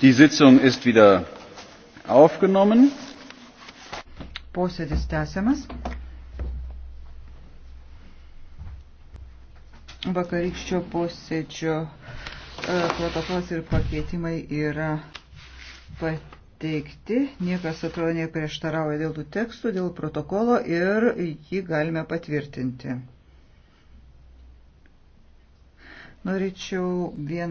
die sitzung ist wieder aufgenommen. posėdis tęsiamas. vakarykščio posėdžio e, protokolas ir pakeitimai yra pateikti. Niekas atrodo neprieštarauja dėl tų tekstų, dėl protokolo ir jį galime patvirtinti. Norėčiau vieną.